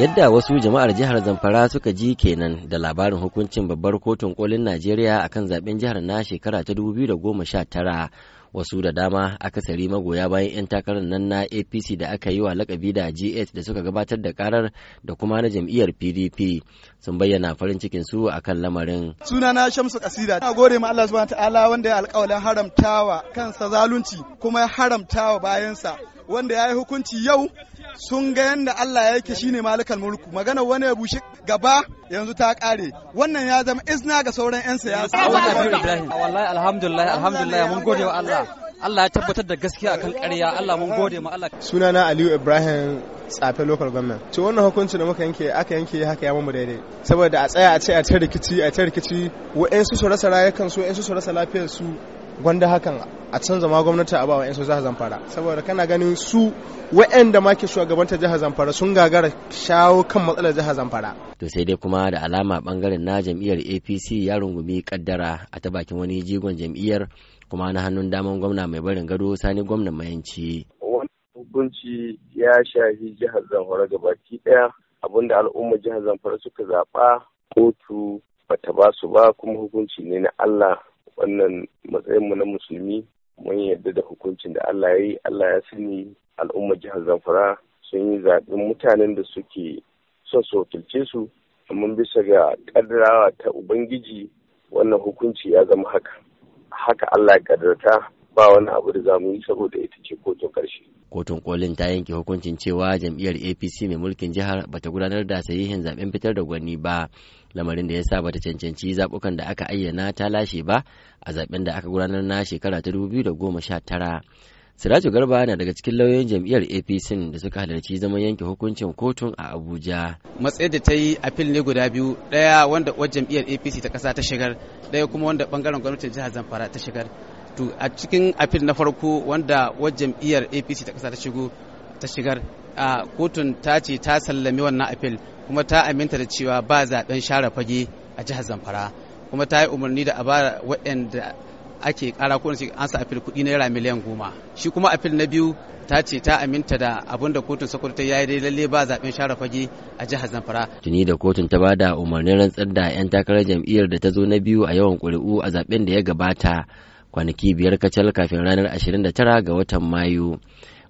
Yadda wasu jama'ar jihar Zamfara suka ji kenan da labarin hukuncin babbar kotun kolin Najeriya akan zaben jihar na shekara ta 2019 wasu da dama akasari magoya bayan 'yan takarar nan na apc da aka yi wa lakabi da gh da suka gabatar da karar da kuma na jam'iyyar pdp sun bayyana farin cikin su akan lamarin suna na shamsu kasida na gode ma allah subhanahu ta'ala wanda ya alƙawalin haramtawa kansa zalunci kuma ya haramtawa bayansa wanda ya yi hukunci yau sun ga yadda Allah ya yake shine malikan mulku magana wani ya bushe gaba yanzu ta kare wannan ya zama izna ga sauran yan siyasa wallahi alhamdulillah alhamdulillah mun gode wa Allah Allah ya tabbatar da gaskiya akan ƙarya Allah mun gode ma Allah sunana Aliyu Ibrahim tsafe local government to wannan hukunci da muka yanke aka yanke haka ya mamu daidai saboda a tsaya a ce a ta rikici a ta rikici wa'ansu su rasa rayukan su wa'ansu su rasa lafiyar su gwanda hakan a canza ma gwamnati a bawa 'yan su jihar zamfara saboda kana ganin su wa'anda ma ke shugabanta jihar zamfara sun gagara shawo kan matsalar jihar zamfara to sai dai kuma da alama bangaren na jam'iyyar apc ya rungumi kaddara a ta bakin wani jigon jam'iyyar kuma na hannun daman gwamna mai barin gado sani gwamnan mayanci hukunci ya shafi jihar zamfara gabaki daya abinda al'umma jihar zamfara suka zaɓa kotu bata ba su ba kuma hukunci ne na allah wannan matsayinmu na musulmi mun yarda da hukuncin da Allah ya yi Allah ya sani al'ummar jihar Zamfara sun yi zaɓen mutanen da suke son su wakilce su amma bisa ga ƙaddarawa ta Ubangiji wannan hukunci ya zama haka haka Allah ya ƙaddarta ba wani abu da za mu yi saboda ita ce kotun ƙarshe. kotun kolin ta yanke hukuncin cewa jam'iyyar apc mai mulkin jihar bata gudanar da sahihin zaben fitar da gwani ba lamarin da ya sa bata cancanci zabukan da aka ayyana ta lashe ba a zaben da aka gudanar na shekara ta da goma sha tara siraju garba na daga cikin lauyoyin jam'iyyar apc da suka halarci zaman yanke hukuncin kotun a abuja matsayin da ta yi fil ne guda biyu daya wanda wajen jam'iyyar apc ta ƙasa ta shigar daya kuma wanda ɓangaren gwamnatin jihar zamfara ta shigar wato a cikin afil na farko wanda wajen jam'iyyar apc ta kasa ta shigo ta shigar a kotun ta ce ta sallami wannan afil kuma ta aminta da cewa ba zaben share fage a jihar zamfara kuma ta yi umarni da a ba waɗanda ake kara ko an sa afil kuɗi naira miliyan goma shi kuma afil na biyu ta ce ta aminta da abin da kotun sokoto ta yayi dai lalle ba zaben share fage a jihar zamfara tuni da kotun ta ba da umarnin rantsar da yan takarar jam'iyyar da ta zo na biyu a yawan ƙuri'u a zaben da ya gabata kwanaki biyar kacal kafin ranar 29 ga watan mayu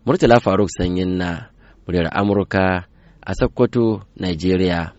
murtala faruk sanyin na muryar amurka a sokoto nigeria